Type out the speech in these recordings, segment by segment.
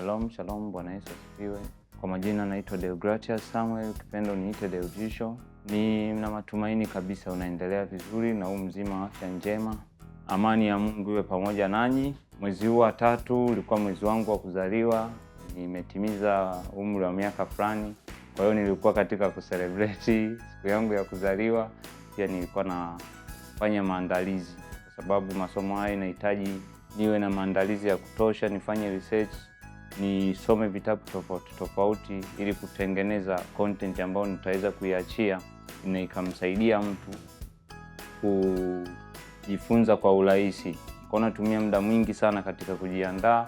Shalom, shalom, Bwana Yesu asifiwe. Kwa majina naitwa Deogratius Samuel, ukipenda uniite Ni na matumaini kabisa unaendelea vizuri na huu mzima wa afya njema. Amani ya Mungu iwe pamoja nanyi. Mwezi huu wa tatu ulikuwa mwezi wangu wa kuzaliwa, nimetimiza umri wa miaka fulani, kwa hiyo nilikuwa katika kuselebreti siku yangu ya kuzaliwa. Pia nilikuwa nafanya maandalizi, kwa sababu masomo haya inahitaji niwe na maandalizi ya kutosha, nifanye research nisome vitabu tofauti tofauti ili kutengeneza content ambayo nitaweza kuiachia na ikamsaidia mtu kujifunza kwa urahisi. Kwa natumia muda mwingi sana katika kujiandaa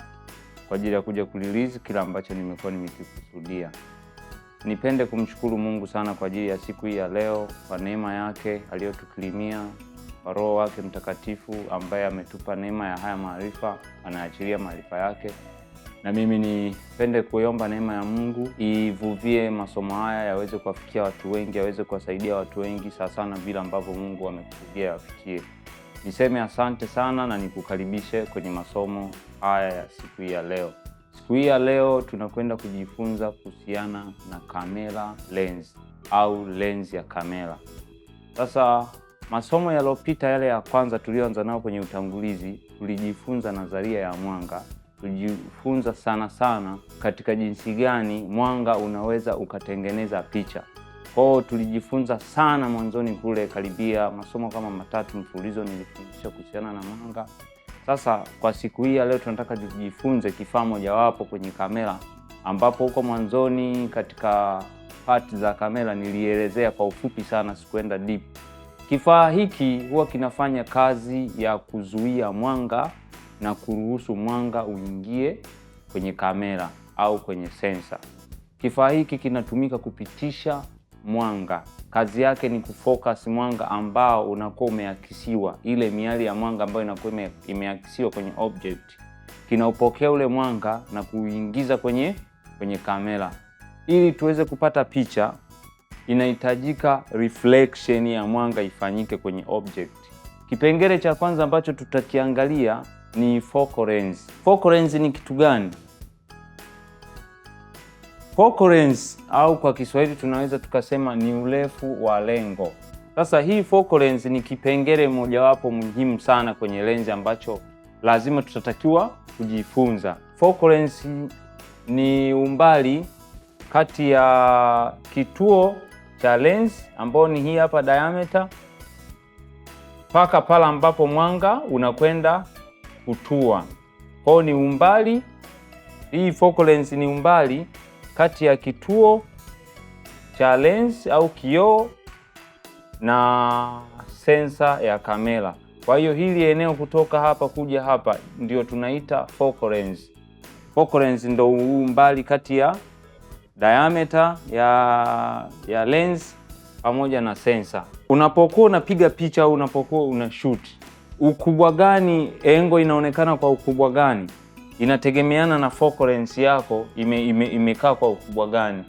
kwa ajili ya kuja kulilizi kila ambacho nimekuwa nimekikusudia. Nipende kumshukuru Mungu sana kwa ajili ya siku hii ya leo, kwa neema yake aliyotukirimia, kwa Roho wake Mtakatifu ambaye ametupa neema ya haya maarifa, anaachilia maarifa yake na mimi nipende kuyomba neema ya Mungu ivuvie masomo haya yaweze kuwafikia watu wengi, yaweze kuwasaidia watu wengi sana sana vile ambavyo Mungu amekusudia yawafikie. Niseme asante sana na nikukaribishe kwenye masomo haya ya siku hii ya leo. Siku hii ya leo tunakwenda kujifunza kuhusiana na kamera lens au lens ya kamera. Sasa masomo yaliyopita yale ya kwanza tuliyoanza nayo kwenye utangulizi, tulijifunza nadharia ya mwanga tujifunza sana sana katika jinsi gani mwanga unaweza ukatengeneza picha. kwao. tulijifunza sana mwanzoni kule, karibia masomo kama matatu mfululizo nilifundisha kuhusiana na mwanga. Sasa kwa siku hii ya leo tunataka tujifunze kifaa mojawapo kwenye kamera, ambapo huko mwanzoni katika pati za kamera nilielezea kwa ufupi sana, sikuenda deep. Kifaa hiki huwa kinafanya kazi ya kuzuia mwanga na kuruhusu mwanga uingie kwenye kamera au kwenye sensa. Kifaa hiki kinatumika kupitisha mwanga. Kazi yake ni kufocus mwanga ambao unakuwa umeakisiwa, ile miali ya mwanga ambayo inakuwa imeakisiwa kwenye object. Kinaupokea ule mwanga na kuuingiza kwenye kwenye kamera. Ili tuweze kupata picha, inahitajika reflection ya mwanga ifanyike kwenye object. Kipengele cha kwanza ambacho tutakiangalia ni focal lens. Focal lens ni kitu gani? Focal lens au kwa Kiswahili tunaweza tukasema ni urefu wa lengo. Sasa hii focal lens ni kipengele mojawapo muhimu sana kwenye lenzi ambacho lazima tutatakiwa kujifunza. Focal lens ni umbali kati ya kituo cha lens ambao ni hii hapa diameter mpaka pale ambapo mwanga unakwenda kutua. Kwao ni umbali, hii focal length ni umbali kati ya kituo cha lens au kioo na sensa ya kamera. Kwa hiyo hili eneo kutoka hapa kuja hapa ndio tunaita focal length. Focal length ndio umbali kati ya diameter ya, ya lens pamoja na sensa. Unapokuwa unapiga picha au unapokuwa una shoot ukubwa gani engo inaonekana kwa ukubwa gani inategemeana na focal length yako ime, ime, imekaa kwa ukubwa gani.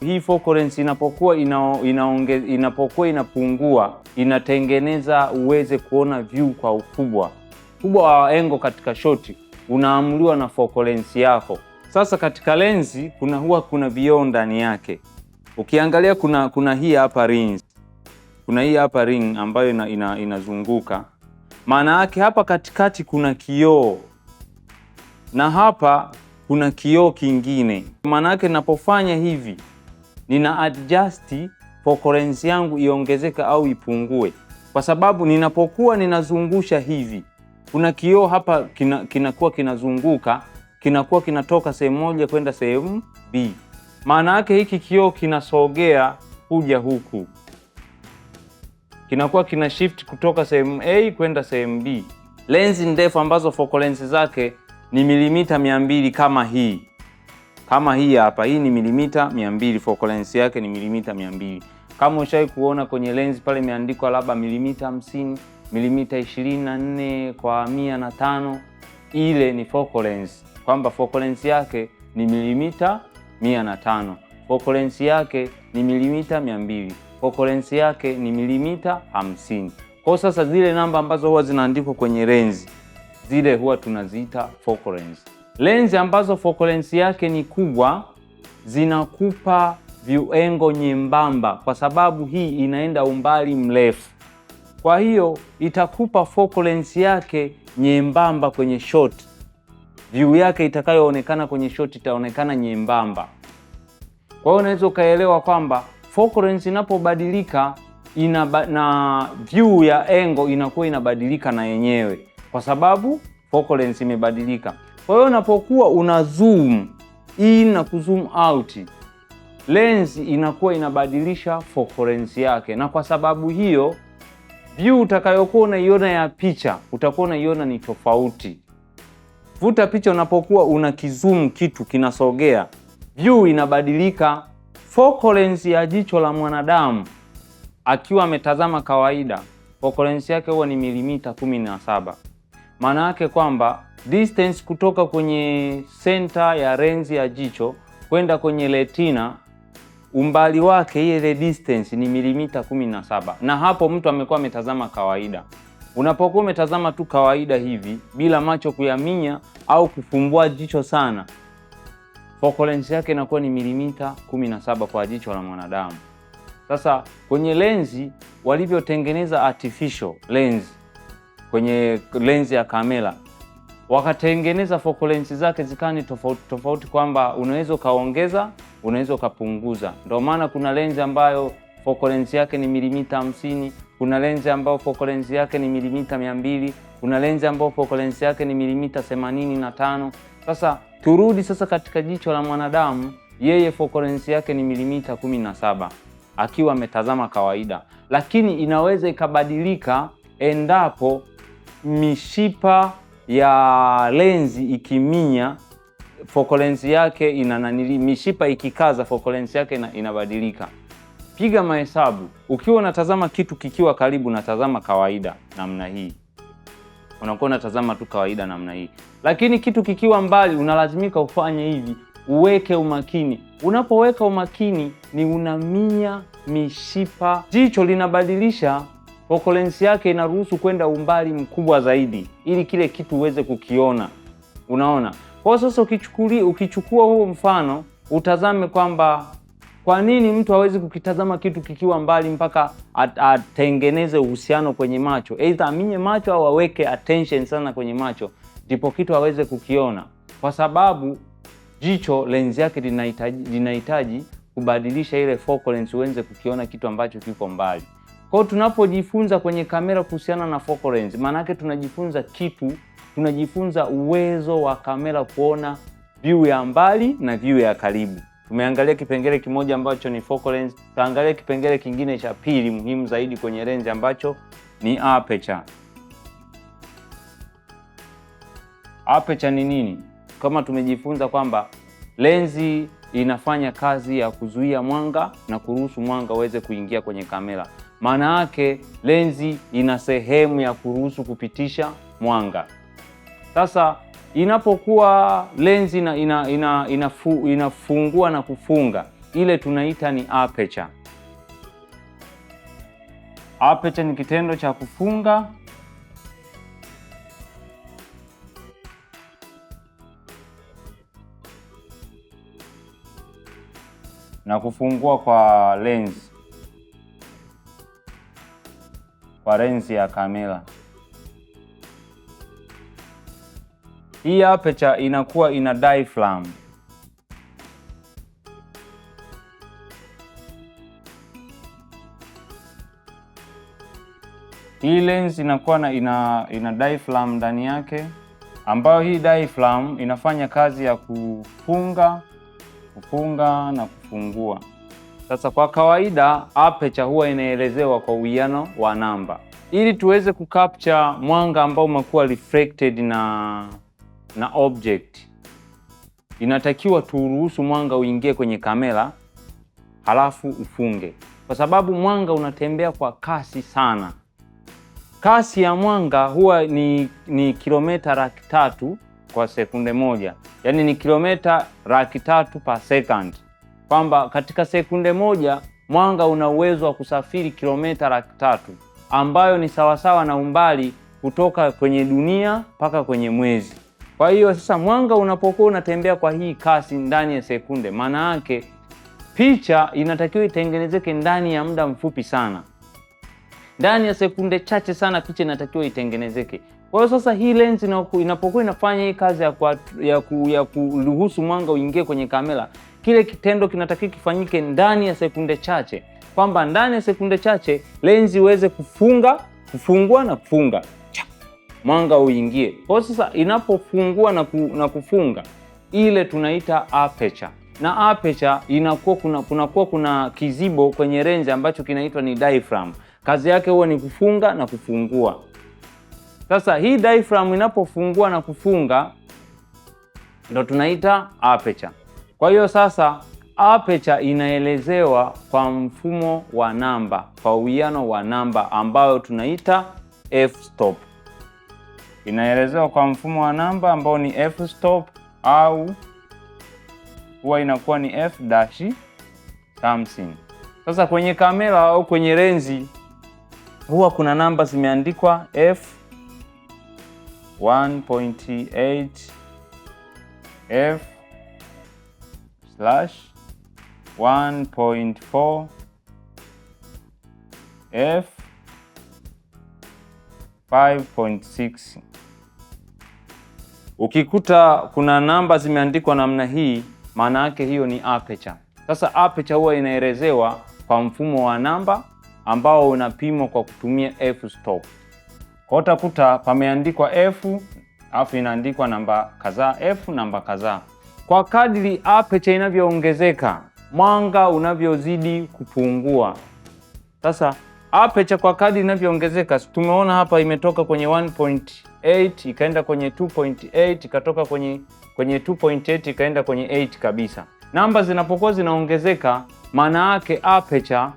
Hii focal length inapokuwa ina, inaonge, inapokuwa inapungua inatengeneza uweze kuona view kwa ukubwa. Ukubwa wa engo katika shoti unaamuliwa na focal length yako. Sasa katika lenzi kuna huwa kuna vioo ndani yake. Ukiangalia kuna kuna hii hapa kuna hii hapa ring ambayo inazunguka ina, ina maana yake hapa katikati kuna kioo na hapa kuna kioo kingine. Maana yake ninapofanya hivi, nina adjust focurrence yangu iongezeke au ipungue, kwa sababu ninapokuwa ninazungusha hivi, kuna kioo hapa kinakuwa kina kinazunguka kinakuwa kinatoka sehemu moja kwenda sehemu B. Maana yake hiki kioo kinasogea kuja huku kinakuwa kina shift kutoka sehemu A kwenda sehemu B. Lenzi ndefu ambazo focal lens zake ni milimita mia mbili kama hii kama hii hapa, hii ni milimita mia mbili focal lens yake ni milimita mia mbili Kama ushawahi kuona kwenye lens pale imeandikwa labda milimita hamsini milimita ishirini nne kwa mia na tano ile ni focal length, kwamba focal lens yake ni milimita mia na tano focal lens yake ni milimita mia mbili okolensi yake ni milimita hamsini. Kwa sasa zile namba ambazo huwa zinaandikwa kwenye lenzi zile huwa tunaziita focal lens. Lenzi ambazo focal yake ni kubwa zinakupa viuengo nyembamba, kwa sababu hii inaenda umbali mrefu, kwa hiyo itakupa focal yake nyembamba kwenye shot. View yake itakayoonekana kwenye shot itaonekana nyembamba. Kwa hiyo unaweza ukaelewa kwamba focal length inapobadilika ina na view ya engo inakuwa inabadilika na yenyewe, kwa sababu focal length imebadilika. Kwa hiyo unapokuwa una zoom in na kuzoom out, lens inakuwa inabadilisha focal length yake, na kwa sababu hiyo view utakayokuwa unaiona ya picha utakuwa unaiona ni tofauti. Vuta picha, unapokuwa una kizoom kitu kinasogea, view inabadilika focal ya jicho la mwanadamu akiwa ametazama kawaida, focal yake huwa ni milimita 17. Maana yake kwamba distance kutoka kwenye senta ya lens ya jicho kwenda kwenye retina umbali wake ile distance ni milimita 17, na hapo mtu amekuwa ametazama kawaida. Unapokuwa umetazama tu kawaida hivi bila macho kuyaminya au kufumbua jicho sana, focal lens yake inakuwa ni milimita 17 kwa jicho la mwanadamu. Sasa kwenye lenzi walivyotengeneza artificial lens kwenye lenzi ya kamera wakatengeneza focal lens zake zikawa ni tofauti tofauti, kwamba unaweza ukaongeza, unaweza ukapunguza. Ndio maana kuna lenzi ambayo focal lens yake ni milimita 50, kuna lenzi ambayo focal lens yake ni milimita mia kuna lenzi ambayo focal lens yake ni milimita 85. Sasa Turudi sasa katika jicho la mwanadamu, yeye fokolensi yake ni milimita kumi na saba akiwa ametazama kawaida, lakini inaweza ikabadilika endapo mishipa ya lenzi ikiminya fokolensi yake ina nanili, mishipa ikikaza fokolensi yake ina, inabadilika. Piga mahesabu ukiwa unatazama kitu kikiwa karibu, natazama kawaida namna hii unakuwa unatazama tu kawaida namna hii, lakini kitu kikiwa mbali unalazimika ufanye hivi, uweke umakini. Unapoweka umakini ni unaminya mishipa, jicho linabadilisha fokulensi yake, inaruhusu kwenda umbali mkubwa zaidi ili kile kitu uweze kukiona. Unaona, kwa sasa ukichukulia, ukichukua huo mfano utazame kwamba kwa nini mtu hawezi kukitazama kitu kikiwa mbali mpaka atengeneze uhusiano kwenye macho, aidha aminye macho au aweke attention sana kwenye macho ndipo kitu aweze kukiona? Kwa sababu jicho lenzi yake linahitaji linahitaji kubadilisha ile focal uweze kukiona kitu ambacho kiko mbali. Kwa hiyo tunapojifunza kwenye kamera kuhusiana na focal length, maana yake tunajifunza kitu, tunajifunza uwezo wa kamera kuona view ya mbali na view ya karibu. Tumeangalia kipengele kimoja ambacho ni focal lens, tutaangalia kipengele kingine cha pili muhimu zaidi kwenye lens ambacho ni aperture. Aperture ni nini? Kama tumejifunza kwamba lenzi inafanya kazi ya kuzuia mwanga na kuruhusu mwanga uweze kuingia kwenye kamera. Maana yake lenzi ina sehemu ya kuruhusu kupitisha mwanga. Sasa Inapokuwa lenzi ina, ina, ina, fu, inafungua na kufunga, ile tunaita ni aperture. Aperture ni kitendo cha kufunga na kufungua kwa lens kwa lens ya kamera. Hii aperture inakuwa ina diaphragm. Hii lens inakuwa na ina, ina diaphragm ndani yake ambayo hii diaphragm inafanya kazi ya kufunga kufunga na kufungua. Sasa kwa kawaida aperture huwa inaelezewa kwa uwiano wa namba, ili tuweze kucapture mwanga ambao umekuwa reflected na na object, inatakiwa turuhusu mwanga uingie kwenye kamera, halafu ufunge, kwa sababu mwanga unatembea kwa kasi sana. Kasi ya mwanga huwa ni, ni kilomita laki tatu kwa sekunde moja, yaani ni kilomita laki tatu pa second, kwamba katika sekunde moja mwanga una uwezo wa kusafiri kilomita laki tatu ambayo ni sawasawa na umbali kutoka kwenye dunia mpaka kwenye mwezi. Kwa hiyo sasa mwanga unapokuwa unatembea kwa hii kasi ndani ya sekunde, maana yake picha inatakiwa itengenezeke ndani ya muda mfupi sana, ndani ya sekunde chache sana picha inatakiwa itengenezeke. Kwa hiyo sasa hii lens inapokuwa inafanya hii kazi ya, kwa, ya, ku, ya kuruhusu mwanga uingie kwenye kamera, kile kitendo kinatakiwa kifanyike ndani ya sekunde chache, kwamba ndani ya sekunde chache lenzi iweze kufunga, kufungua na kufunga mwanga uingie. Kwa sasa inapofungua na, ku, na kufunga ile tunaita aperture na aperture inakuwa kuna, kuna, kuna kizibo kwenye lenzi ambacho kinaitwa ni diaphragm. Kazi yake huwa ni kufunga na kufungua. Sasa hii diaphragm inapofungua na kufunga ndo tunaita aperture. Kwa hiyo sasa aperture inaelezewa kwa mfumo wa namba, kwa uwiano wa namba ambayo tunaita f-stop inaelezewa kwa mfumo wa namba ambao ni f stop au huwa inakuwa ni f dash something. Sasa kwenye kamera au kwenye lenzi huwa kuna namba zimeandikwa f 1.8 f slash 1.4 f 5.6 Ukikuta kuna namba zimeandikwa namna hii, maana yake hiyo ni aperture. Sasa aperture huwa inaelezewa kwa mfumo wa namba ambao unapimwa kwa kutumia f stop. Kwa utakuta pameandikwa f alafu inaandikwa namba kadhaa f namba kadhaa. Kwa kadri aperture inavyoongezeka, mwanga unavyozidi kupungua. Sasa apecha kwa kadi inavyoongezeka, tumeona hapa imetoka kwenye 1.8 ikaenda kwenye 2.8 ikatoka kwenye kwenye 2.8 ikaenda kwenye 8 kabisa. Namba zinapokuwa zinaongezeka, maana yake apecha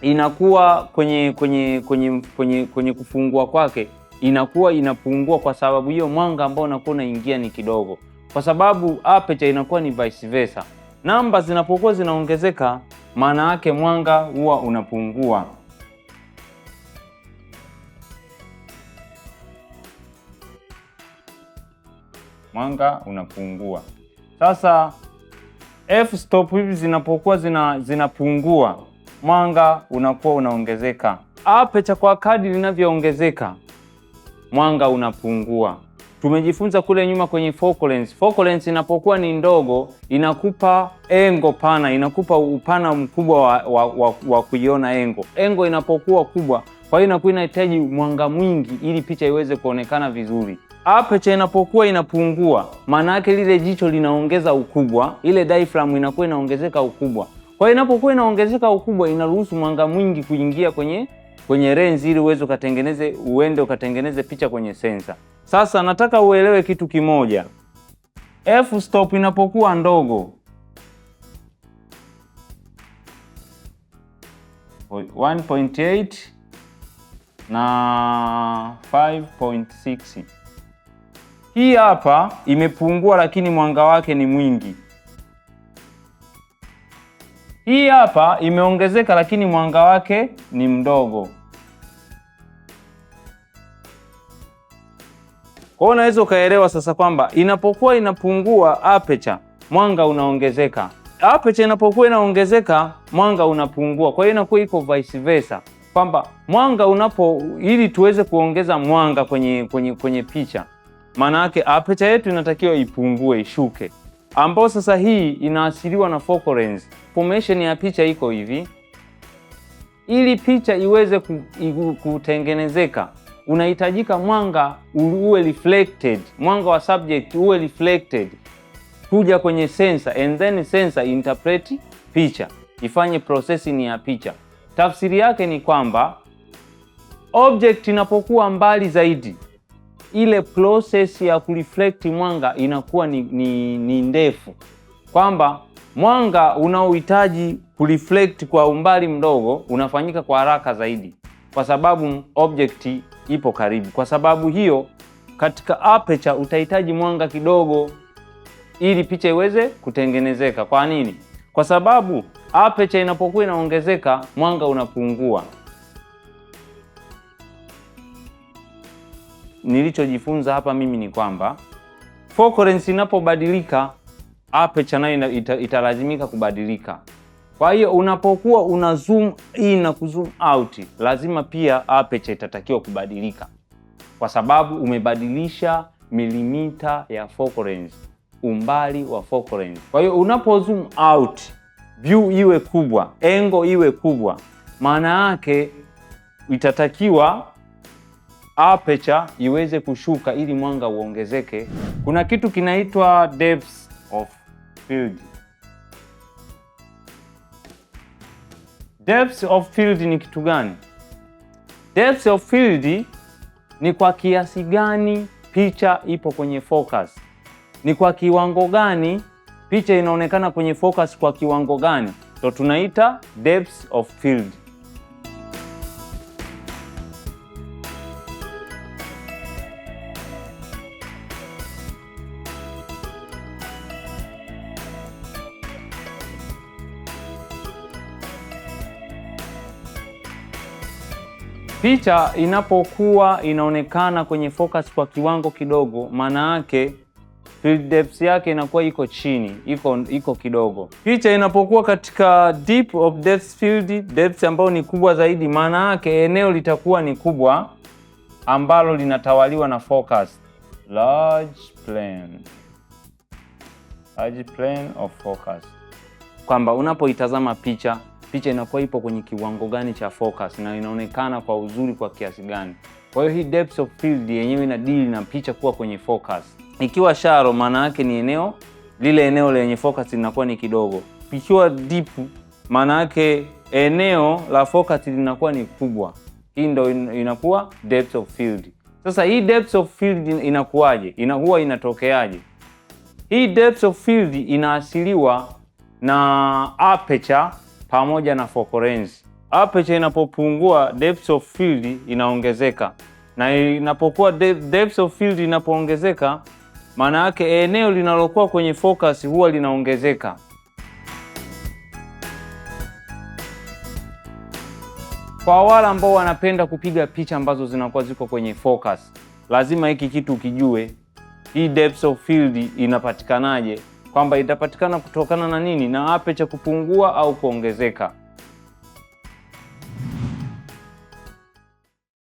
inakuwa kwenye kwenye kwenye kwenye kwenye kufungua kwake inakuwa inapungua, kwa sababu hiyo mwanga ambao unakuwa unaingia ni kidogo, kwa sababu apecha inakuwa ni vice versa namba zinapokuwa zinaongezeka, maana yake mwanga huwa unapungua. Mwanga unapungua. Sasa f stop hivi zinapokuwa zina, zinapungua mwanga unakuwa unaongezeka. Apecha kwa kadi linavyoongezeka mwanga unapungua tumejifunza kule nyuma kwenye focal length. Focal length inapokuwa ni ndogo inakupa engo pana, inakupa upana mkubwa wa, wa, wa, wa kuiona engo. Engo inapokuwa kubwa, kwa hiyo inakuwa inahitaji mwanga mwingi ili picha iweze kuonekana vizuri. Aperture inapokuwa inapungua, maana yake lile jicho linaongeza ukubwa, ile diaphragm inakuwa inaongezeka ukubwa. Kwa hiyo inapokuwa inaongezeka ukubwa, inaruhusu mwanga mwingi kuingia kwenye kwenye lens ili uweze ukatengeneze uende ukatengeneze picha kwenye sensa. Sasa nataka uelewe kitu kimoja, f stop inapokuwa ndogo 1.8 na 5.6 hii hapa imepungua, lakini mwanga wake ni mwingi hii hapa imeongezeka lakini mwanga wake ni mdogo. Kwa hiyo unaweza ukaelewa sasa kwamba inapokuwa inapungua apecha, mwanga unaongezeka. Apecha inapokuwa inaongezeka, mwanga unapungua. Kwa hiyo inakuwa iko vice versa kwamba mwanga unapo, ili tuweze kuongeza mwanga kwenye, kwenye, kwenye picha, maana yake apecha yetu inatakiwa ipungue, ishuke ambao sasa hii inaashiriwa na focal length. Formation ya picha iko hivi, ili picha iweze kutengenezeka unahitajika mwanga uwe reflected, mwanga wa subject uwe reflected kuja kwenye sensor and then sensor interpret picha, ifanye processing ya picha. Tafsiri yake ni kwamba object inapokuwa mbali zaidi ile process ya kureflect mwanga inakuwa ni, ni, ni ndefu, kwamba mwanga unaohitaji kureflect kwa umbali mdogo unafanyika kwa haraka zaidi, kwa sababu object ipo karibu. Kwa sababu hiyo, katika aperture utahitaji mwanga kidogo ili picha iweze kutengenezeka. Kwa nini? Kwa sababu aperture inapokuwa inaongezeka mwanga unapungua. nilichojifunza hapa mimi ni kwamba focus inapobadilika aperture nayo ita, italazimika kubadilika. Kwa hiyo unapokuwa una zoom in na kuzoom out, lazima pia aperture itatakiwa kubadilika, kwa sababu umebadilisha milimita ya focal length, umbali wa focal length. Kwa hiyo unapo zoom out, view iwe kubwa, engo iwe kubwa, maana yake itatakiwa aperture iweze kushuka ili mwanga uongezeke. Kuna kitu kinaitwa depth of field. Depth of field ni kitu gani? Depth of field ni kwa kiasi gani picha ipo kwenye focus, ni kwa kiwango gani picha inaonekana kwenye focus, kwa kiwango gani, ndo tunaita depth of field. Picha inapokuwa inaonekana kwenye focus kwa kiwango kidogo, maana yake field depth yake inakuwa iko chini, iko iko kidogo. Picha inapokuwa katika deep of depth field, depth ambayo ni kubwa zaidi, maana yake eneo litakuwa ni kubwa ambalo linatawaliwa na focus. Large plane. Large plane of focus, kwamba unapoitazama picha picha inakuwa ipo kwenye kiwango gani cha focus na inaonekana kwa uzuri kwa kiasi gani. Kwa hiyo hii depth of field yenyewe ina deal na picha kuwa kwenye focus. Ikiwa shallow, maana yake ni eneo lile, eneo lenye focus linakuwa ni kidogo. Ikiwa deep, maana yake eneo la focus linakuwa ni kubwa. Hii ndo inakuwa depth of field. Sasa hii depth of field inakuwaje? Inakuwa inatokeaje? Hii depth of field inaasiliwa na aperture pamoja na fokorenzi. Aperture inapopungua depth of field inaongezeka, na inapokuwa depth of field inapoongezeka, maana yake eneo linalokuwa kwenye focus huwa linaongezeka. Kwa wale ambao wanapenda kupiga picha ambazo zinakuwa ziko kwenye focus, lazima hiki kitu ukijue, hii depth of field inapatikanaje? kwamba itapatikana kutokana na nini na ape cha kupungua au kuongezeka.